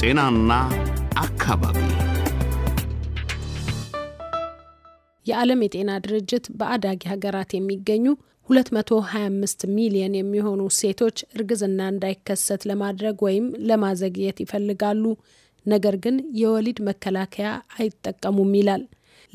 ጤናና አካባቢ የዓለም የጤና ድርጅት በአዳጊ ሀገራት የሚገኙ 225 ሚሊዮን የሚሆኑ ሴቶች እርግዝና እንዳይከሰት ለማድረግ ወይም ለማዘግየት ይፈልጋሉ፣ ነገር ግን የወሊድ መከላከያ አይጠቀሙም ይላል።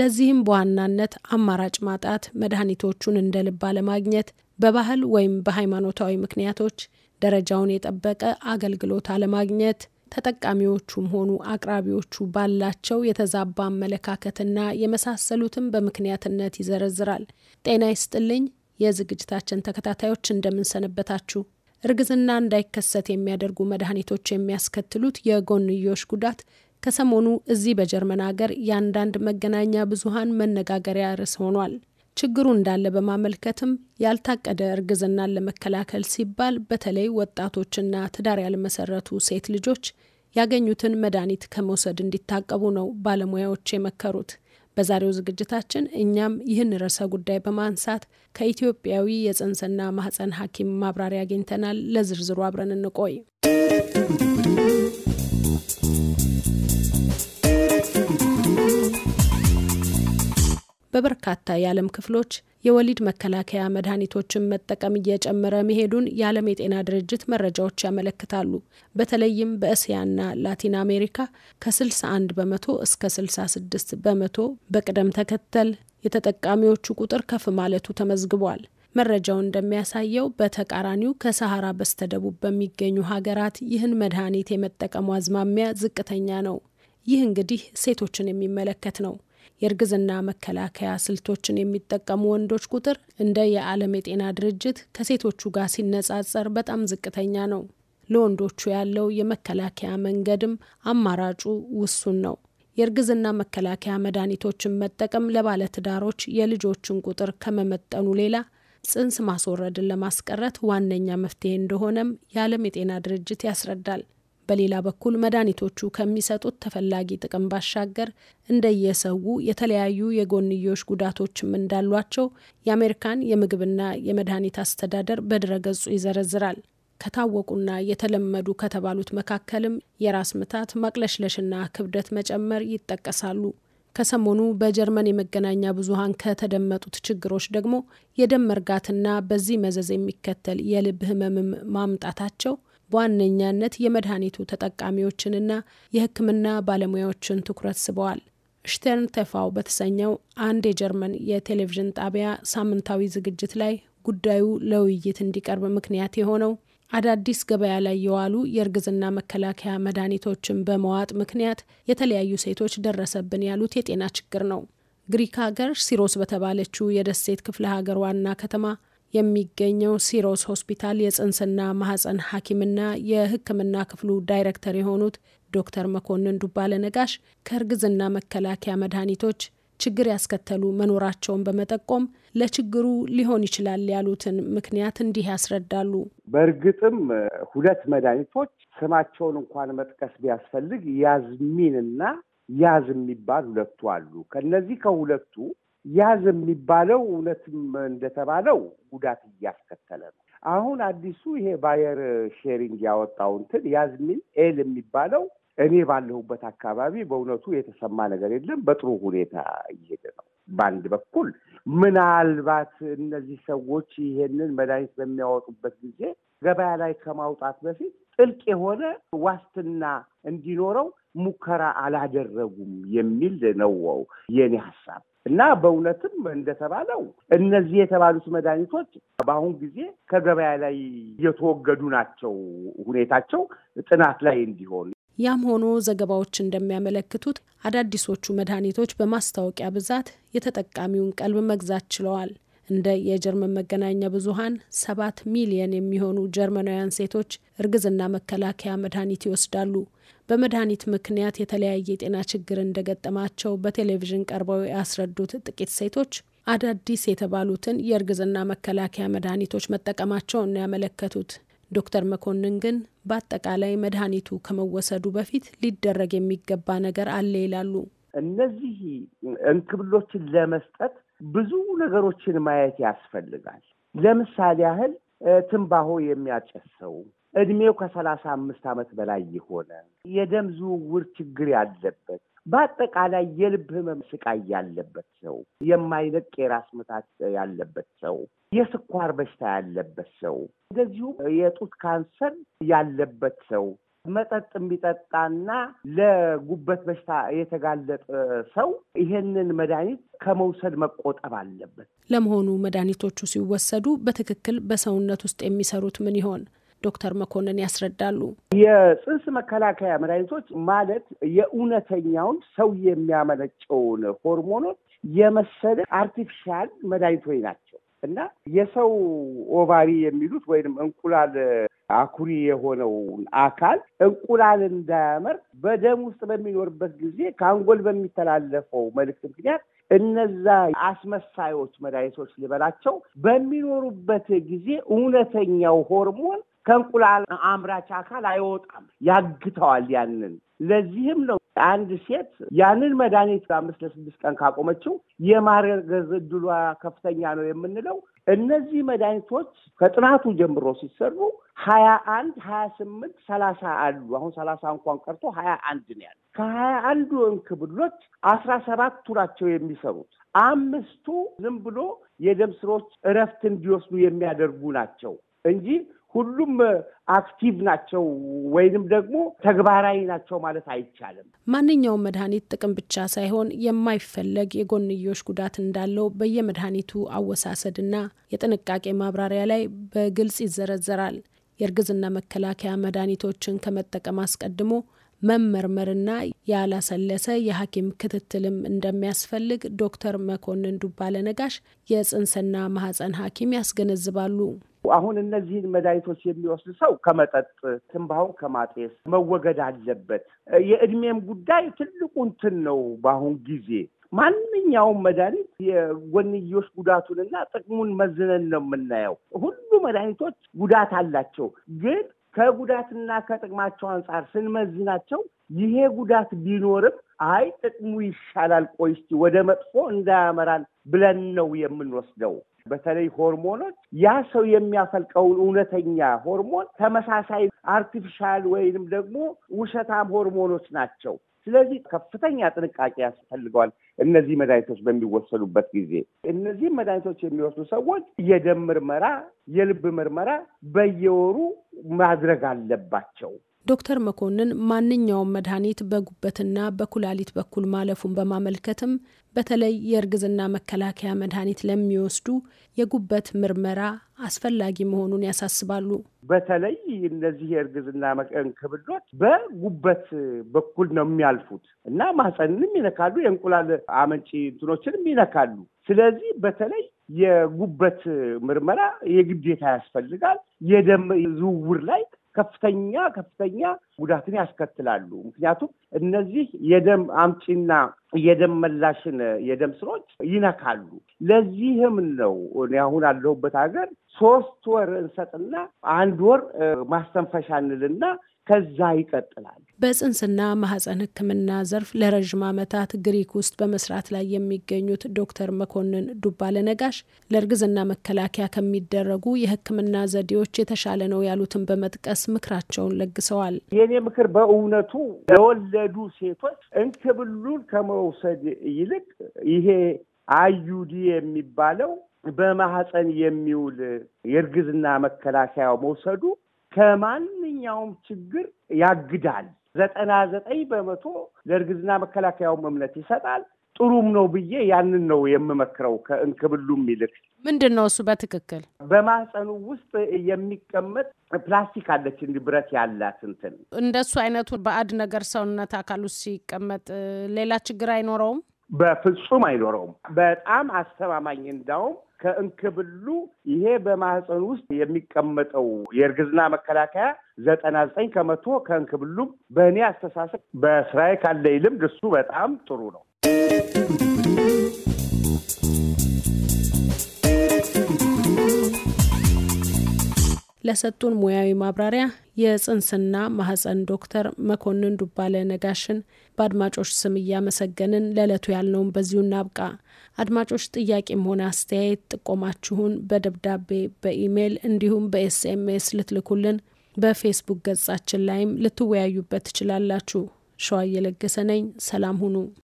ለዚህም በዋናነት አማራጭ ማጣት፣ መድኃኒቶቹን እንደ ልብ አለማግኘት፣ በባህል ወይም በሃይማኖታዊ ምክንያቶች ደረጃውን የጠበቀ አገልግሎት አለማግኘት ተጠቃሚዎቹም ሆኑ አቅራቢዎቹ ባላቸው የተዛባ አመለካከትና የመሳሰሉትን በምክንያትነት ይዘረዝራል። ጤና ይስጥልኝ የዝግጅታችን ተከታታዮች እንደምንሰነበታችሁ። እርግዝና እንዳይከሰት የሚያደርጉ መድኃኒቶች የሚያስከትሉት የጎንዮሽ ጉዳት ከሰሞኑ እዚህ በጀርመን ሀገር የአንዳንድ መገናኛ ብዙሃን መነጋገሪያ ርዕስ ሆኗል። ችግሩ እንዳለ በማመልከትም ያልታቀደ እርግዝናን ለመከላከል ሲባል በተለይ ወጣቶችና ትዳር ያልመሰረቱ ሴት ልጆች ያገኙትን መድኃኒት ከመውሰድ እንዲታቀቡ ነው ባለሙያዎች የመከሩት። በዛሬው ዝግጅታችን እኛም ይህን ርዕሰ ጉዳይ በማንሳት ከኢትዮጵያዊ የጽንስና ማህፀን ሐኪም ማብራሪያ አግኝተናል። ለዝርዝሩ አብረን እንቆይ። በበርካታ የዓለም ክፍሎች የወሊድ መከላከያ መድኃኒቶችን መጠቀም እየጨመረ መሄዱን የዓለም የጤና ድርጅት መረጃዎች ያመለክታሉ። በተለይም በእስያና ላቲን አሜሪካ ከ61 በመቶ እስከ 66 በመቶ በቅደም ተከተል የተጠቃሚዎቹ ቁጥር ከፍ ማለቱ ተመዝግቧል። መረጃው እንደሚያሳየው በተቃራኒው ከሰሐራ በስተደቡብ በሚገኙ ሀገራት ይህን መድኃኒት የመጠቀሙ አዝማሚያ ዝቅተኛ ነው። ይህ እንግዲህ ሴቶችን የሚመለከት ነው። የእርግዝና መከላከያ ስልቶችን የሚጠቀሙ ወንዶች ቁጥር እንደ የዓለም የጤና ድርጅት ከሴቶቹ ጋር ሲነጻጸር በጣም ዝቅተኛ ነው። ለወንዶቹ ያለው የመከላከያ መንገድም አማራጩ ውሱን ነው። የእርግዝና መከላከያ መድኃኒቶችን መጠቀም ለባለትዳሮች የልጆችን ቁጥር ከመመጠኑ ሌላ ጽንስ ማስወረድን ለማስቀረት ዋነኛ መፍትሄ እንደሆነም የዓለም የጤና ድርጅት ያስረዳል። በሌላ በኩል መድኃኒቶቹ ከሚሰጡት ተፈላጊ ጥቅም ባሻገር እንደየሰው የተለያዩ የጎንዮሽ ጉዳቶችም እንዳሏቸው የአሜሪካን የምግብና የመድኃኒት አስተዳደር በድረገጹ ይዘረዝራል። ከታወቁና የተለመዱ ከተባሉት መካከልም የራስ ምታት፣ ማቅለሽለሽና ክብደት መጨመር ይጠቀሳሉ። ከሰሞኑ በጀርመን የመገናኛ ብዙሃን ከተደመጡት ችግሮች ደግሞ የደም መርጋትና በዚህ መዘዝ የሚከተል የልብ ህመምም ማምጣታቸው በዋነኛነት የመድኃኒቱ ተጠቃሚዎችንና የሕክምና ባለሙያዎችን ትኩረት ስበዋል። ሽተርን ተፋው በተሰኘው አንድ የጀርመን የቴሌቪዥን ጣቢያ ሳምንታዊ ዝግጅት ላይ ጉዳዩ ለውይይት እንዲቀርብ ምክንያት የሆነው አዳዲስ ገበያ ላይ የዋሉ የእርግዝና መከላከያ መድኃኒቶችን በመዋጥ ምክንያት የተለያዩ ሴቶች ደረሰብን ያሉት የጤና ችግር ነው። ግሪክ ሀገር ሲሮስ በተባለችው የደሴት ክፍለ ሀገር ዋና ከተማ የሚገኘው ሲሮስ ሆስፒታል የጽንስና ማህፀን ሐኪምና የሕክምና ክፍሉ ዳይሬክተር የሆኑት ዶክተር መኮንን ዱባለ ነጋሽ ከእርግዝና መከላከያ መድኃኒቶች ችግር ያስከተሉ መኖራቸውን በመጠቆም ለችግሩ ሊሆን ይችላል ያሉትን ምክንያት እንዲህ ያስረዳሉ። በእርግጥም ሁለት መድኃኒቶች ስማቸውን እንኳን መጥቀስ ቢያስፈልግ ያዝሚን እና ያዝ የሚባል ሁለቱ አሉ። ከነዚህ ከሁለቱ ያዝ የሚባለው እውነትም እንደተባለው ጉዳት እያስከተለ ነው። አሁን አዲሱ ይሄ ባየር ሼሪንግ ያወጣው እንትን ያዝ የሚል ኤል የሚባለው እኔ ባለሁበት አካባቢ በእውነቱ የተሰማ ነገር የለም። በጥሩ ሁኔታ እየሄደ ነው። በአንድ በኩል ምናልባት እነዚህ ሰዎች ይሄንን መድኃኒት በሚያወጡበት ጊዜ ገበያ ላይ ከማውጣት በፊት ጥልቅ የሆነ ዋስትና እንዲኖረው ሙከራ አላደረጉም የሚል ነው የኔ ሀሳብ። እና በእውነትም እንደተባለው እነዚህ የተባሉት መድኃኒቶች በአሁን ጊዜ ከገበያ ላይ እየተወገዱ ናቸው። ሁኔታቸው ጥናት ላይ እንዲሆን ያም ሆኖ ዘገባዎች እንደሚያመለክቱት አዳዲሶቹ መድኃኒቶች በማስታወቂያ ብዛት የተጠቃሚውን ቀልብ መግዛት ችለዋል። እንደ የጀርመን መገናኛ ብዙኃን ሰባት ሚሊየን የሚሆኑ ጀርመናውያን ሴቶች እርግዝና መከላከያ መድኃኒት ይወስዳሉ። በመድኃኒት ምክንያት የተለያየ የጤና ችግር እንደገጠማቸው በቴሌቪዥን ቀርበው ያስረዱት ጥቂት ሴቶች አዳዲስ የተባሉትን የእርግዝና መከላከያ መድኃኒቶች መጠቀማቸውን ያመለከቱት። ዶክተር መኮንን ግን በአጠቃላይ መድኃኒቱ ከመወሰዱ በፊት ሊደረግ የሚገባ ነገር አለ ይላሉ። እነዚህ እንክብሎችን ለመስጠት ብዙ ነገሮችን ማየት ያስፈልጋል። ለምሳሌ ያህል ትንባሆ የሚያጨስ ሰው እድሜው ከሰላሳ አምስት ዓመት በላይ የሆነ የደም ዝውውር ችግር ያለበት በአጠቃላይ የልብ ህመም ስቃይ ያለበት ሰው፣ የማይለቅ የራስ ምታት ያለበት ሰው፣ የስኳር በሽታ ያለበት ሰው፣ እንደዚሁም የጡት ካንሰር ያለበት ሰው፣ መጠጥ የሚጠጣና ለጉበት በሽታ የተጋለጠ ሰው ይሄንን መድኃኒት ከመውሰድ መቆጠብ አለበት። ለመሆኑ መድኃኒቶቹ ሲወሰዱ በትክክል በሰውነት ውስጥ የሚሰሩት ምን ይሆን? ዶክተር መኮንን ያስረዳሉ። የጽንስ መከላከያ መድኃኒቶች ማለት የእውነተኛውን ሰው የሚያመነጨውን ሆርሞኖች የመሰለ አርቲፊሻል መድኃኒቶች ናቸው እና የሰው ኦቫሪ የሚሉት ወይም እንቁላል አኩሪ የሆነውን አካል እንቁላል እንዳያመር በደም ውስጥ በሚኖርበት ጊዜ ከአንጎል በሚተላለፈው መልእክት ምክንያት እነዛ አስመሳዮች መድኃኒቶች ሊበላቸው በሚኖሩበት ጊዜ እውነተኛው ሆርሞን ከእንቁላል አምራች አካል አይወጣም፣ ያግተዋል ያንን። ለዚህም ነው አንድ ሴት ያንን መድኃኒት አምስት ለስድስት ቀን ካቆመችው የማረገዝ እድሏ ከፍተኛ ነው የምንለው። እነዚህ መድኃኒቶች ከጥናቱ ጀምሮ ሲሰሩ ሀያ አንድ ሀያ ስምንት ሰላሳ አሉ። አሁን ሰላሳ እንኳን ቀርቶ ሀያ አንድ ነው ያለ። ከሀያ አንዱ እንክብሎች አስራ ሰባቱ ናቸው የሚሰሩት። አምስቱ ዝም ብሎ የደም ስሮች እረፍት እንዲወስዱ የሚያደርጉ ናቸው እንጂ ሁሉም አክቲቭ ናቸው ወይንም ደግሞ ተግባራዊ ናቸው ማለት አይቻልም። ማንኛውም መድኃኒት ጥቅም ብቻ ሳይሆን የማይፈለግ የጎንዮሽ ጉዳት እንዳለው በየመድኃኒቱ አወሳሰድና የጥንቃቄ ማብራሪያ ላይ በግልጽ ይዘረዘራል። የእርግዝና መከላከያ መድኃኒቶችን ከመጠቀም አስቀድሞ መመርመርና ያላሰለሰ የሐኪም ክትትልም እንደሚያስፈልግ ዶክተር መኮንን ዱባለ ነጋሽ የጽንስና ማህፀን ሐኪም ያስገነዝባሉ። አሁን እነዚህን መድኃኒቶች የሚወስድ ሰው ከመጠጥ ትንባሁን ከማጤስ መወገድ አለበት። የእድሜም ጉዳይ ትልቁ እንትን ነው። በአሁን ጊዜ ማንኛውም መድኃኒት የጎንዮሽ ጉዳቱንና ጥቅሙን መዝነን ነው የምናየው። ሁሉ መድኃኒቶች ጉዳት አላቸው ግን ከጉዳትና ከጥቅማቸው አንጻር ስንመዝናቸው ይሄ ጉዳት ቢኖርም አይ ጥቅሙ ይሻላል፣ ቆይ እስኪ ወደ መጥፎ እንዳያመራን ብለን ነው የምንወስደው። በተለይ ሆርሞኖች ያ ሰው የሚያፈልቀውን እውነተኛ ሆርሞን ተመሳሳይ አርቲፊሻል ወይንም ደግሞ ውሸታም ሆርሞኖች ናቸው። ስለዚህ ከፍተኛ ጥንቃቄ ያስፈልገዋል። እነዚህ መድኃኒቶች በሚወሰዱበት ጊዜ እነዚህ መድኃኒቶች የሚወስዱ ሰዎች የደም ምርመራ፣ የልብ ምርመራ በየወሩ ማድረግ አለባቸው። ዶክተር መኮንን ማንኛውም መድኃኒት በጉበትና በኩላሊት በኩል ማለፉን በማመልከትም በተለይ የእርግዝና መከላከያ መድኃኒት ለሚወስዱ የጉበት ምርመራ አስፈላጊ መሆኑን ያሳስባሉ። በተለይ እነዚህ የእርግዝና እንክብሎች በጉበት በኩል ነው የሚያልፉት እና ማህፀንንም ይነካሉ፣ የእንቁላል አመንጪ እንትኖችንም ይነካሉ። ስለዚህ በተለይ የጉበት ምርመራ የግዴታ ያስፈልጋል። የደም ዝውውር ላይ ከፍተኛ ከፍተኛ ጉዳትን ያስከትላሉ። ምክንያቱም እነዚህ የደም አምጪና የደም መላሽን የደም ስሮች ይነካሉ። ለዚህም ነው እኔ አሁን አለሁበት ሀገር ሶስት ወር እንሰጥና አንድ ወር ማስተንፈሻ እንልና ከዛ ይቀጥላል። በጽንስና ማህፀን ሕክምና ዘርፍ ለረዥም ዓመታት ግሪክ ውስጥ በመስራት ላይ የሚገኙት ዶክተር መኮንን ዱባለ ነጋሽ ለእርግዝና መከላከያ ከሚደረጉ የሕክምና ዘዴዎች የተሻለ ነው ያሉትን በመጥቀስ ምክራቸውን ለግሰዋል። የኔ ምክር በእውነቱ ለወለዱ ሴቶች እንክብሉን ከመውሰድ ይልቅ ይሄ አዩዲ የሚባለው በማህፀን የሚውል የእርግዝና መከላከያ መውሰዱ ከማንኛውም ችግር ያግዳል። ዘጠና ዘጠኝ በመቶ ለእርግዝና መከላከያውም እምነት ይሰጣል። ጥሩም ነው ብዬ ያንን ነው የምመክረው። ከእንክብሉም ይልቅ ምንድን ነው እሱ በትክክል በማህፀኑ ውስጥ የሚቀመጥ ፕላስቲክ አለች እንዲህ ብረት ያላት እንትን እንደሱ አይነቱ በአድ ነገር ሰውነት አካል ውስጥ ሲቀመጥ ሌላ ችግር አይኖረውም። በፍጹም አይኖረውም። በጣም አስተማማኝ እንዳውም ከእንክብሉ ይሄ በማህፀን ውስጥ የሚቀመጠው የእርግዝና መከላከያ ዘጠና ዘጠኝ ከመቶ ከእንክብሉም በእኔ አስተሳሰብ በስራዬ ካለኝ ልምድ እሱ በጣም ጥሩ ነው። ለሰጡን ሙያዊ ማብራሪያ የጽንስና ማህፀን ዶክተር መኮንን ዱባለ ነጋሽን በአድማጮች ስም እያመሰገንን ለዕለቱ ያልነውን በዚሁ እናብቃ። አድማጮች ጥያቄም ሆነ አስተያየት ጥቆማችሁን በደብዳቤ በኢሜይል እንዲሁም በኤስኤምኤስ ልትልኩልን፣ በፌስቡክ ገጻችን ላይም ልትወያዩበት ትችላላችሁ። ሸዋ እየለገሰ ነኝ። ሰላም ሁኑ።